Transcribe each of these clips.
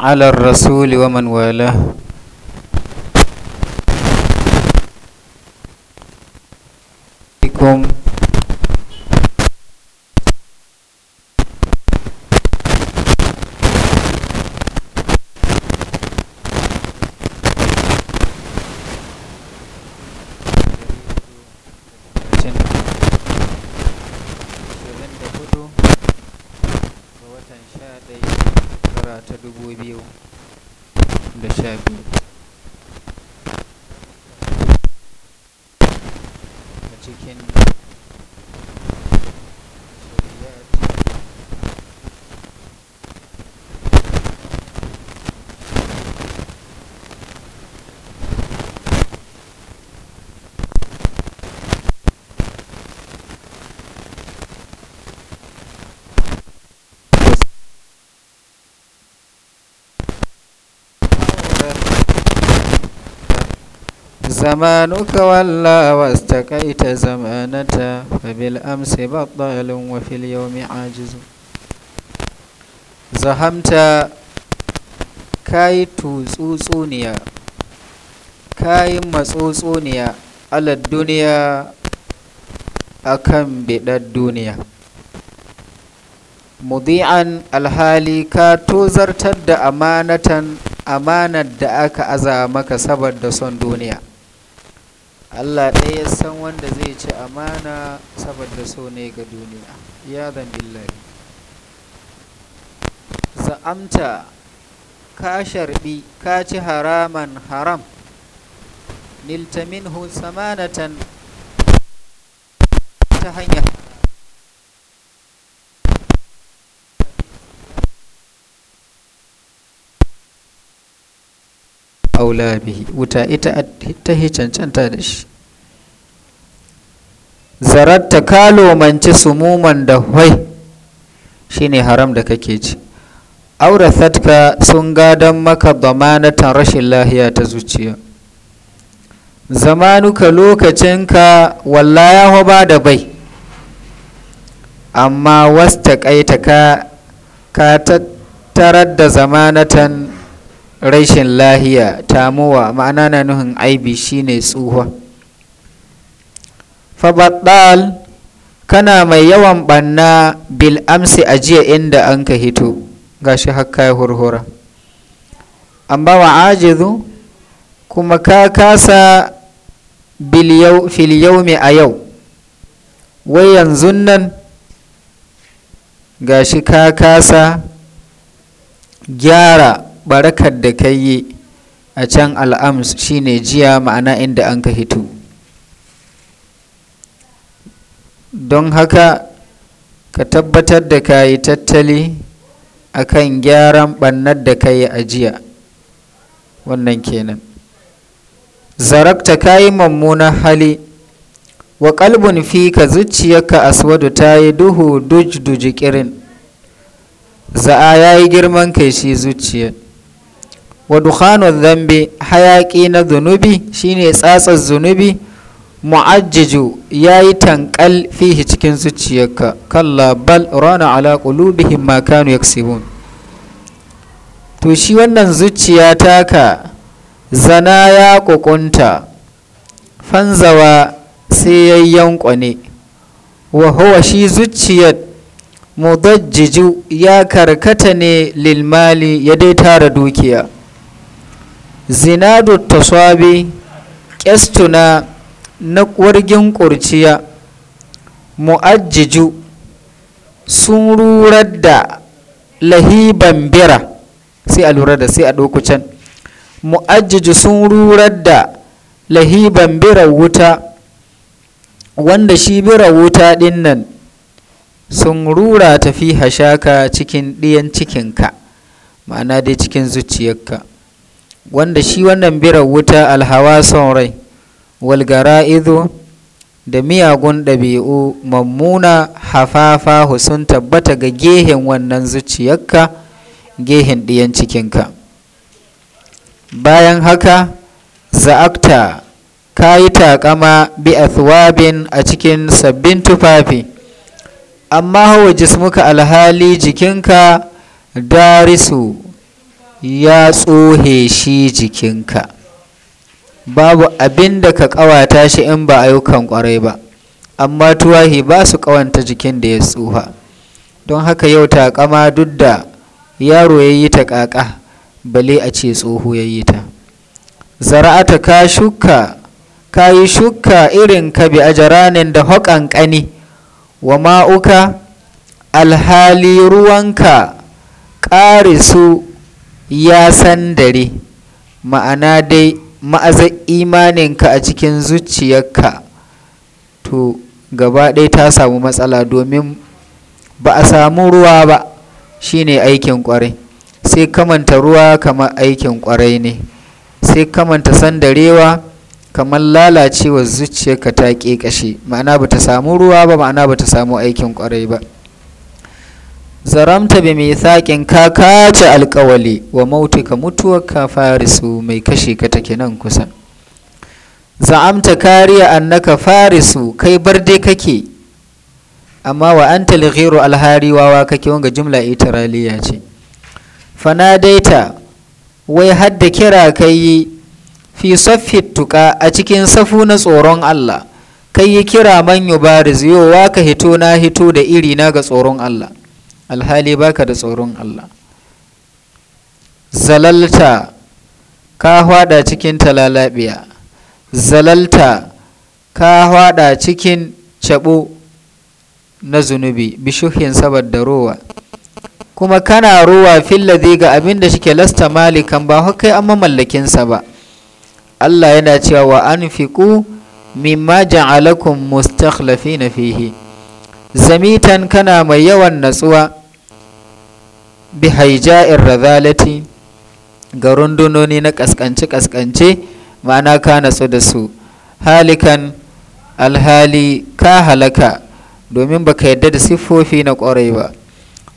على الرسول ومن والاه ta dubu biyu da sha biyu a cikin زمانك ولا واستكيت زمانتا فبالأمس بطال وفي اليوم عاجز zahamta kayi tutsutsuniya kayi matsutsuniya alad duniya akan bidar duniya mudi'an alhali ka tuzartar da amanatan amanar da aka aza maka saboda son duniya Allah ɗaya ya san wanda zai ci amana saboda so ne ga duniya ya billahi za'amta ka sharbi ka ci haraman haram nilta minhu samanatan ta hanyar aula bihi wuta ita ta hi cancanta da shi Zararta ka lomanci sumuman da hwai shine haram da kake ci aurathatka sun gadon maka damanatan rashin lahiya ta zuciya zamanuka lokacinka walla ya ba da bai amma wasta kaita ka tattarar da zamanatan rashin lahiya tamuwa ma'ana na nuhin aibi shine tsuhuwa fabaɗal kana mai yawan ɓanna bil amsi a jiya inda an ka hito gashi hakka ya hurhura amma wa ajizu kuma ka kasa fil yaumi a yau wai yanzu nan gashi ka kasa gyara barakar da ka yi a can al'ams shine jiya ma'ana inda an ka hito don haka ka tabbatar da ka yi tattali a kan gyaran ɓannar da ka yi a jiya wannan kenan zarabta ka yi mummunan hali wa kalbun fi ka zuciyarka aswadu ta yi duhu duj duji kirin za'a ya yi girman kai shi zuciya. wa dukhanu dhanbi hayaki na zunubi shine tsatsar zunubi mu'ajjiju yayi tankal fihi cikin zuciyarka kalla bal rana ala qulubihim ma kanu yaksibun to shi wannan zuciya taka zana ya kukunta fanzawa sai ya yankwane wa huwa shi zuciyar mudajjiju ya karkata ne lilmali ya dai tara dukiya zinadu taswabi ƙyastuna na wargin ƙurciya mu'ajjiju sun rurar da lahiban bira sai a lura da sai a mu'ajjiju sun rurar da lahiban bira wuta wanda shi bira wuta ɗin nan sun rura tafi hashaka cikin ɗiyan cikinka ma'ana dai cikin zuciyarka wanda shi wannan birar wuta alhawa son rai izo da miyagun ɗabi'u mammuna hafafa sun tabbata ga gehen wannan zuciyarka gehen ɗiyan cikinka bayan haka za'akta ka yi takama bi athwabin a cikin sabbin tufafi amma hawa jismuka alhali jikinka darisu ya tsohe shi jikinka babu abin da ka ƙawata shi in ba ayyukan ƙwarai ba amma tuwahi ba su kawanta jikin da ya tsufa don haka yau taƙama duk da yaro ya yi ta kaka, bale a ce tsoho ya yi ta zara'ata ka shuka ka yi shuka irin ka bi ajaranin da haƙan ƙani wa ma'uka alhali ruwanka su ya san dare ma'ana dai ma'azar imaninka a cikin zuciyarka to gaba ɗaya ta samu matsala domin ba a samu ruwa ba shine aikin ƙwarai sai kamanta ruwa kamar aikin ƙwarai ne sai kamanta sandarewa kamar lalacewa zuciyarka ta ƙeƙashe ma'ana ba ta samu ruwa ba ma'ana ba ta samu aikin kwarai ba zaramta bi saƙin ka kace alƙawali wa mautuka mutuwar ka farisu mai kashe ka take nan kusa za'amta kariya annaka farisu kai bar dai kake amma wa anta lighiru alhari wawa kake wanga jumla itraliya ce fanadaita wai hadda kira kai fi saffit tuka a cikin safu na tsoron Allah kai kira man yubarizu yowa ka hito na hito da iri na ga tsoron Allah alhali baka da tsoron Allah zalalta ka hwada cikin talalabiya zalalta ka hwada cikin cabo na zunubi bishuhin saboda rowa kuma kana rowa fillazi ga abin da shike lasta malikan ba kai an mamallakinsa ba Allah yana cewa wa anfiqu mimma ja'alakum mustakhlafina fihi zamitan kana mai yawan natsuwa bi haija'ir razalati ga rundunoni na kaskance-kaskance ma'ana ka so da su halikan alhali ka halaka domin baka yadda da siffofi na ƙwarai ba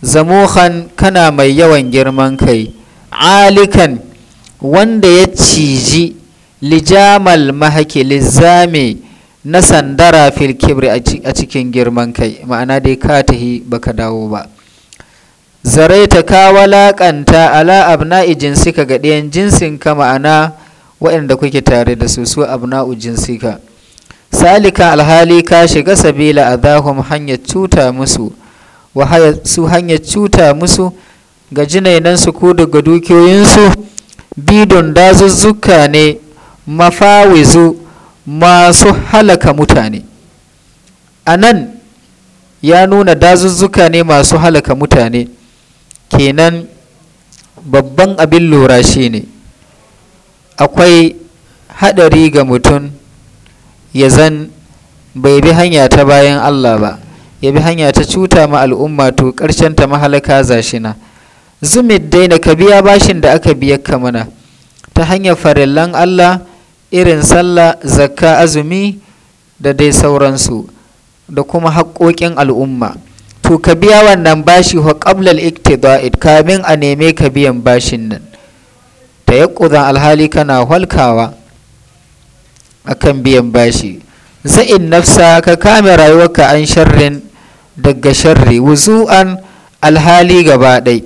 zamuhan kana mai yawan girman kai alikan wanda ya ciji lijamal mahaki lizame na sandara fil kibri a cikin girman kai ma'ana dai ka tahi baka dawo ba zaraita ka walaƙanta ala abna'i jinsika ga ɗayan ka ma'ana waɗanda kuke tare da su su abna'u jinsika salika alhali ka shiga sabila a zahum hanyar cuta musu wa su hanyar cuta musu ga su ko daga dukiyoyinsu bidon dazuzzuka ne mafawizu masu halaka mutane a nan ya nuna dazuzzuka ne masu halaka mutane kenan babban abin lura ne akwai haɗari ga mutum ya zan bai bi hanya ta bayan Allah ba ya bi hanya ta cuta ma al'umma to ƙarshen ta mahalaka zashina zumid daina ka biya bashin da aka biya ka mana ta hanyar farillan Allah irin sallah zakka azumi da dai sauransu da kuma haƙoƙin al'umma to ka biya wannan bashi wa qablal iktida'id kamin a neme ka biyan bashin nan ƙudan alhali kana halkawa kan biyan bashi za'in nafsa ka kame rayuwarka an sharrin daga sharri wuzu'an alhali gaba ɗai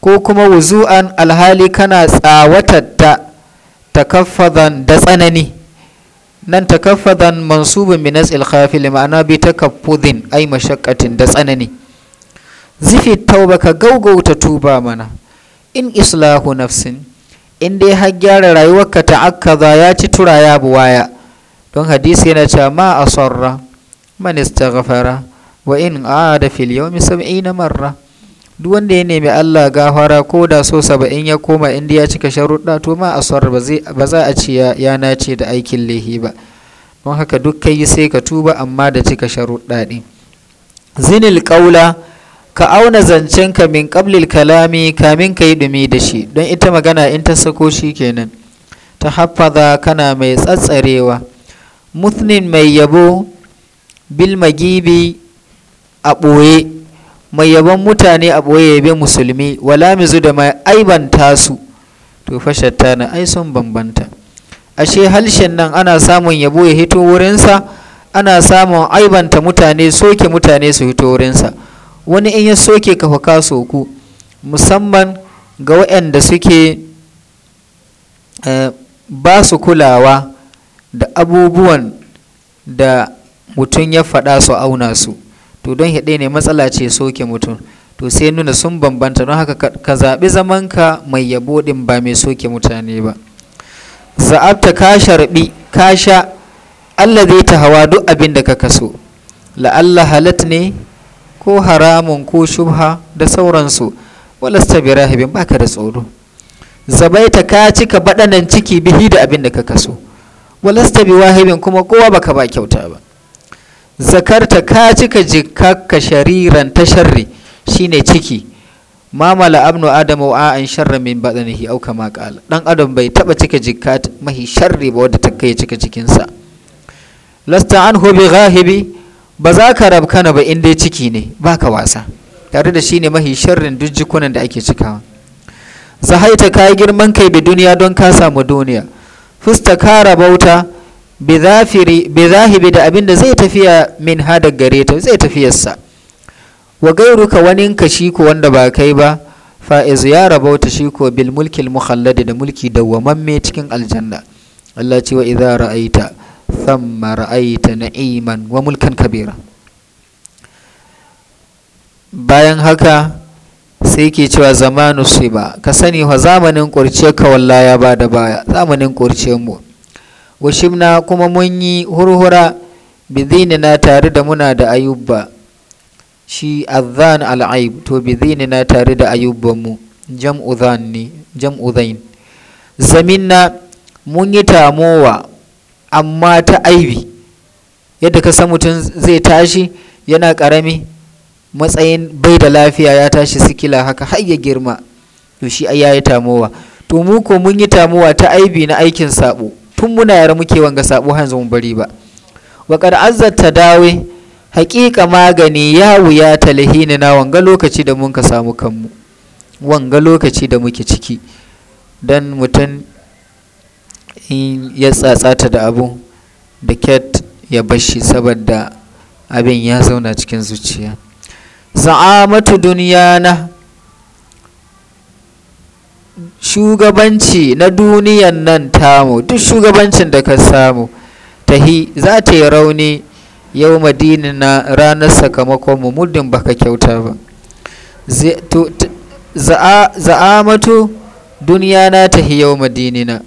ko kuma wuzu'an alhali kana tsawatatta takaffadan da tsanani nan takaffadan mansubun minas nas'il khafil ma'ana bi takaffudin ai mashaqqatin da tsanani zifi tauba ka gaugauta tuba mana in islahu nafsin in dai har gyara rayuwarka ta akkaza ya ci tura ya buwaya don hadisi yana cewa ma asarra man istaghfara wa in aada fil yawmi sab'ina marra duk wanda ya nemi Allah gafara ko da so saba'in ya koma inda ya cika sharuɗa to ma a asar ba za a ce ya nace da aikin lehi ba don haka duk kai sai ka tuba amma da cika sharuɗa ɗin zinil ƙaula ka auna zancen ka min ƙablil kalami kamin ka yi ɗumi da shi don ita magana in ta sako shi kenan ta haffaza kana mai tsatsarewa muthnin mai yabo bil magibi a ɓoye mai yaban mutane a ɓoye bi musulmi wala mizu da mai aibanta su to fashatta na ai sun bambanta ashe halshen nan ana samun yabo ya hito wurinsa ana samun aibanta mutane soke mutane su hito wurinsa wani in ya soke ka faka ku, musamman ga waɗanda suke eh, ba su kulawa da abubuwan da mutum ya faɗa su auna su to don haɗe ne matsala ce soke mutum to sai nuna sun bambanta don haka ka zaɓi zamanka mai yabo ɗin ba mai soke mutane ba za'abta ka sharbi ka sha Allah zai ta hawa duk abin da ka kaso la'alla halat ne ko haramun ko shubha da sauransu walasta bi rahibin baka da tsoro zabaita ka cika baɗanan ciki bihi da abin da ka kaso walasta bi wahibin kuma kowa baka ba kyauta ba zakarta ka cika jikakka shariran ta sharri shine ciki mamala abnu adamu wa an sharra min badanihi au kama qala dan adam bai taba cika jikka mahi sharri ba wanda ta kai cika cikinsa lasta anhu bi ghahibi ba za ka kana ba in ciki ne baka wasa tare da shine mahi sharrin duk jikunan da ake cikawa zahaita kai girman kai bi duniya don ka samu duniya fusta kara bauta bi da abin da zai tafiya min hada gare ta zai tafiyarsa wa gairuka ka shi ko wanda ba kai ba fa'iz ya rabauta shi ko bil mulkil mukhalladi da mulki dawwamamme cikin aljanna Allah ce wa idza ra'aita thamma ra'aita na'iman wa mulkan kabira bayan haka sai ke cewa zamanu ba ka sani wa zamanin ƙurciyarka walla ya ba da baya zamanin ƙurciyar mu washimna kuma mun yi hurhura na tare da muna da ayubba shi azan al'aib to na tare da ayubbanmu jam'u zanni jam'u zain zaminna mun yi tamowa amma ta aibi yadda ka san mutum zai tashi yana ƙarami matsayin bai da lafiya ya tashi sikila haka har ya girma to shi ai yayi tamowa to mu ko mun yi tamowa ta aibi na aikin sabo tun muna yara muke wanga sabo hanzu mun bari ba wa qad azzata dawe haqiqa magani ya wuya talhini na wanga lokaci da mun ka samu kanmu wanga lokaci da muke ciki dan mutum in ya tsatsata da abu da ket ya bashi saboda abin ya zauna cikin zuciya za'amatu dunyana shugabanci na duniyan nan tamu duk shugabancin da ka samu tahi za ta yi rauni yau madini na ranar sakamakon mu muddin baka kyauta ba za'amatu duniya na tahi yau Madinina,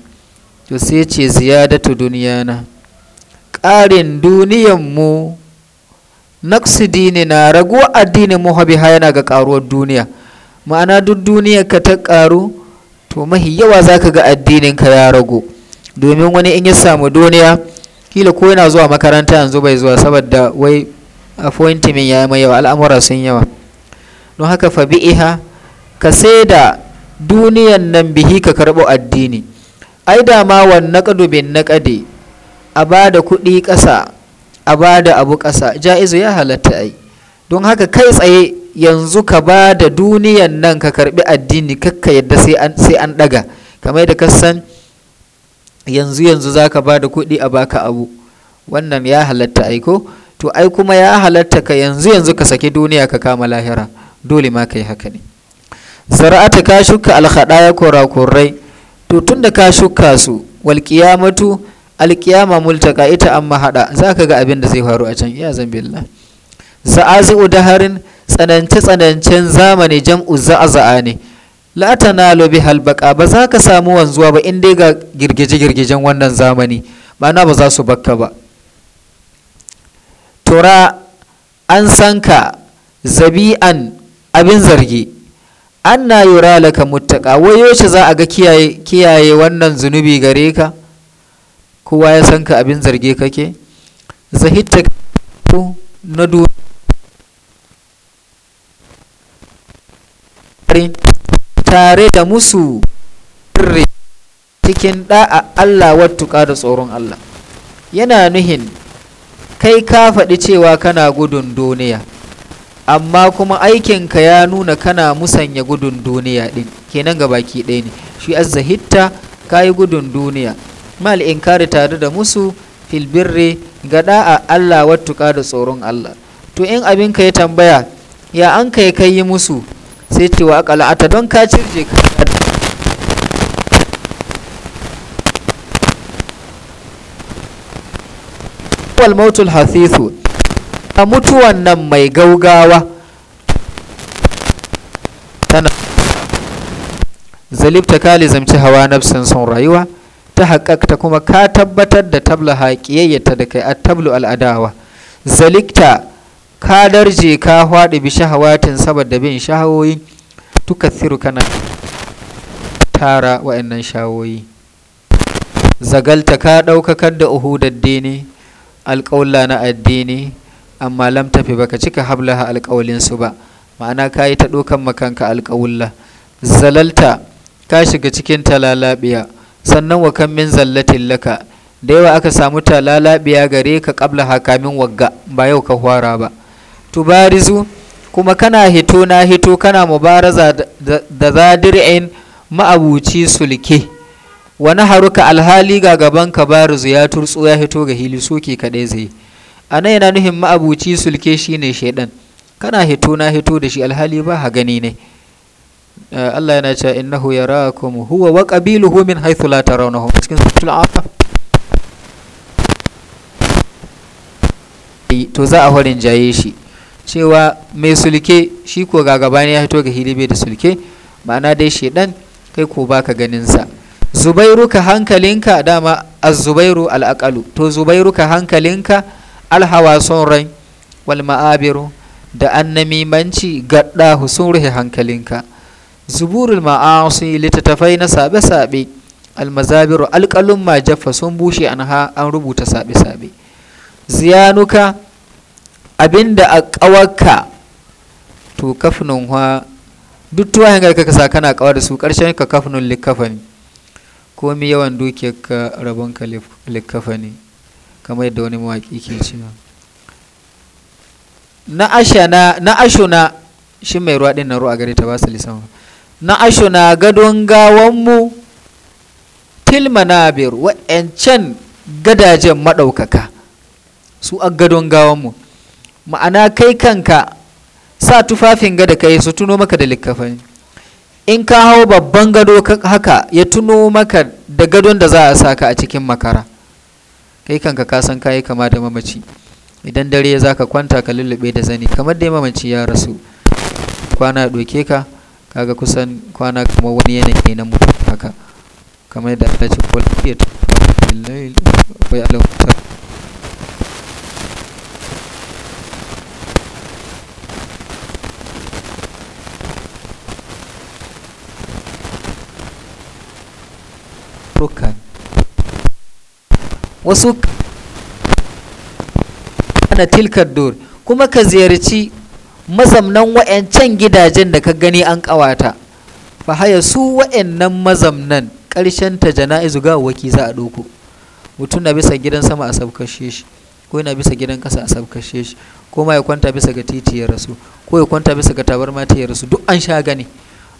to sai ce ziyadatu duniya na ƙarin duniyan mu naqsi dini na addinin mu yana ga ƙaruwar duniya ma'ana duk duniyar ka ta ƙaru. to mahi yawa za ka ga addininka ya rago domin wani in ya samu duniya kila ko yana zuwa makaranta yanzu bai zuwa saboda wai appointment ya yi mai yawa al'amura sun yawa don haka fa bi'iha ka sai da duniyan nan bihi ka karɓo addini ai da ma wan naqdu bin naqdi a ba da kuɗi ƙasa a ba da abu ƙasa ja'izu ya halatta ai don haka kai tsaye yanzu ka ba da duniyan nan ka karbi addini kakka yadda sai an daga kamar da kasan yanzu yanzu za ka ba da kuɗi a baka abu wannan ya halatta aiko to ai kuma ya halatta ka yanzu yanzu ka saki duniya ka kama lahira dole ma ka yi haka ne zara'ata ka shuka alhaɗaya kurakurai to tun da ka shuka su walƙiyamatu alƙiyama multaka ita amma za ka ga abin da zai faru a can ya zambillah za'azi harin. tsanance-tsanancen zamani jam'u zaa ne na lobi halbaka ba za ka samu wanzuwa ba inda dai ga girgije-girgijen wannan zamani ma'ana ba za su bakka ba tura an san ka zabi'an abin zargi an na yura laka muttaka wai za a ga kiyaye wannan zunubi gare ka kowa ya san ka abin zarge kake zahitta na duniya tare tare da musu sirri cikin da'a Allah wattuka da tsoron Allah yana nuhin kai ka faɗi cewa kana gudun duniya amma kuma aikinka ya nuna kana musanya gudun duniya ɗin kenan ga baki ɗaya ne shi azzahitta ka yi gudun duniya mal inkari tare da musu filbirre ga da'a Allah wattuka da tsoron Allah to in abinka ya tambaya ya an kai kai yi musu sai ce wa ata don ka cirje ka wal mautul hasisu a mutuwan nan mai gaugawa tana zalibta ka lizamci hawa nafsin son rayuwa ta haƙaƙta kuma ka tabbatar da tabla haƙiyayyata da kai a tablo al'adawa zalikta ka darje ka hwaɗe bi shahawatin saboda bin shahawoyi tukathiru kana tara wa'annan shahawoyi zagalta ka ɗaukakar da uhudar dini alƙawla na addini amma lam tafi baka cika hablaha su ba ma'ana ka yi ta ɗokan makanka alƙawulla zalalta ka shiga cikin talalabiya sannan wa kan min zallatin laka da yawa aka samu talalabiya gare ka ƙabla hakamin wagga ba yau ka hwara ba tubarizu kuma kana hito na hito kana mubaraza da zadir'in ma'abuci sulke wani haruka alhali ga gaban ka barizu ya turtsu ya hito ga hili soke kaɗai zai a nan yana nuhin ma'abuci sulke shine shaidan kana hito na hito da shi alhali ba ha gani ne eh, Allah yana cewa innahu yarakum huwa wa qabiluhu min haythu la tarawnahu cikin suratul afaf to za a horin jaye shi cewa mai sulke shi ko ga ya fito ga hili bai da sulke ma'ana dai shedan kai ko baka ganin sa zubairu ka hankalinka dama az-zubairu al to zubairu ka hankalinka alhawa son rai wal ma'abiru da annamimanci gadda sun ruhe hankalinka zuburul ma'asi littattafai na sabe-sabe almazabiru ma jaffa sun bushe anha an rubuta sabe-sabe ziyanuka abinda a ƙawarka to kafinin wa duk tuwa ga ka sa kana ƙawa da su ƙarshen ka kafinin likafani ko mi yawan dukiyar ka rabon ka likafani kamar yadda wani mawaƙi ke cewa na ashana na ashuna shi mai ruwa din na ruwa gare ta ba su lisan na ashuna gadon gawanmu tilmanabir wa'yancan gadajen maɗaukaka su a gadon gawonmu. ma'ana kai kanka sa tufafin gada ka yi su tuno maka da likkafani in ka hau babban gado haka ya tuno maka da gadon da za a sa ka a cikin makara kai kanka ka san kayi kama da mamaci idan dare ya zaka kwanta ka lullube da zani kamar da mamaci ya rasu kwana doke ka kaga kusan kwana kamar wani yanayi na mutum haka kamar da ta ce kul fiyat lillahi wa ya'lamu kaburruka wasu na tilkar dur kuma ka ziyarci mazamnan wa'yancan gidajen da ka gani an ƙawata fa haya su wa'yannan mazamnan ƙarshen ta jana'izu waki za a ɗauko mutum na bisa gidan sama a sabkashe shi ko yana bisa gidan ƙasa a sabkashe shi ko ma ya kwanta bisa ga titi ya rasu ko ya kwanta bisa ga tabar matiyar ya rasu duk an sha gani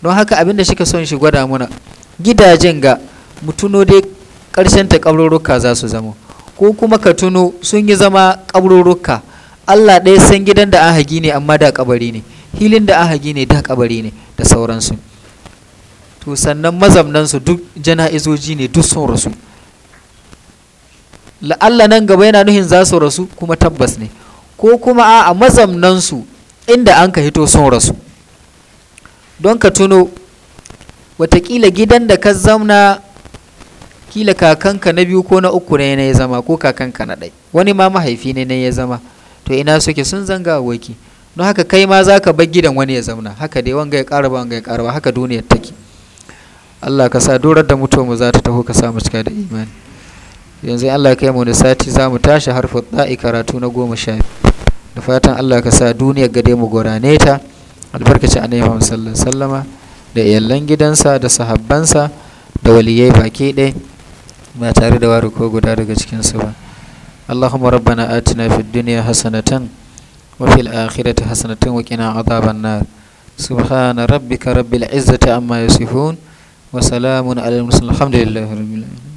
don haka abin da ka son shi gwada muna gidajen ga mu tuno dai ƙarshen ta ƙabrurruka za su zama ko kuma ka tuno sun yi zama ƙabrurruka Allah ɗaya san gidan da aka hagi ne amma da kabari ne hilin da aka ne da kabari ne da sauransu to sannan mazamnansu duk jana'izoji ne duk sun rasu la'alla nan gaba yana nuhin za su rasu kuma tabbas ne ko kuma a mazamnansu inda an ka hito sun rasu don ka tuno watakila gidan da ka zauna kila kakanka na biyu ko na uku ne na ya zama ko kakanka na ɗai wani ma mahaifi ne na ya zama to ina suke sun zanga waki don haka kai ma za ka bar gidan wani ya zauna haka dai wanga ya ƙara wanga ya ƙara haka duniyar take Allah ka sa dorar da mutuwa mu za ta taho ka sa mu cika da imani yanzu Allah kai mu da sati za mu tashi harfin da'i karatu na goma sha da fatan Allah ka sa duniyar gade mu gorane ta albarkaci annabi Muhammad sallallahu alaihi wasallama da iyalan gidansa da sahabbansa da waliyai baki ɗaya ba tare da ware ko guda daga cikinsu ba allahumma rabbana atina fid dunya hasanatan wa fil akhirati hasanatan wa qina adhaban nar subhana rabbika rabbil izzati amma yasifun wa salamun alal mursalin alhamdulillahi rabbil alamin